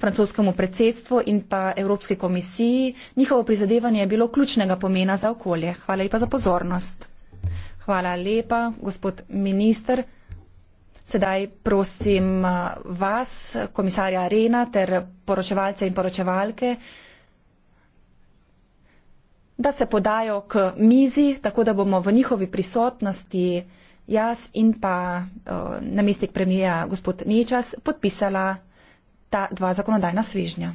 francoskemu predsedstvu in pa Evropski komisiji. Njihovo prizadevanje je bilo ključnega pomena za okolje. Hvala lepa za pozornost. Hvala lepa, gospod minister. Sedaj prosim uh, vas, komisarja Arena ter poročevalce in poročevalke, da se podajo k mizi, tako da bomo v njihovi prisotnosti jaz in pa uh, namestnik premija gospod Nečas podpisala ta dva zakonodajna svežnja.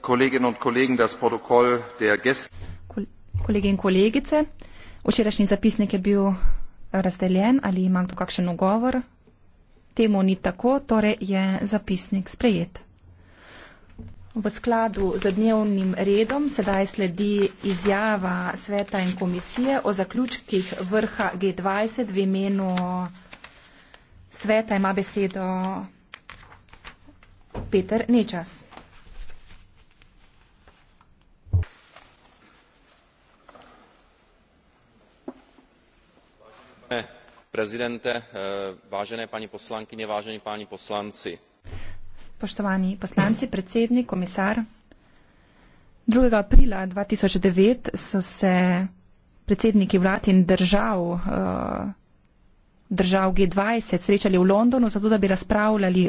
kolegine in kolege, das protokoll der gest. Kolege in kolegice, včerajšnji zapisnik je bil razdeljen, ali imam tu kakšen ogovor? Temu ni tako, torej je zapisnik sprejet. V skladu z dnevnim redom sedaj sledi izjava sveta in komisije o zaključkih vrha G20 v imenu sveta ima besedo Peter Nečas. prezidente eh, vážené paní poslankyně vážení páni poslanci spoštovani poslanci predsednik komisar drugega aprila dva tisoč devet so se predsedniki vlad in držav eh, držav g dvajset srečali v londonu zato da bi razpravljali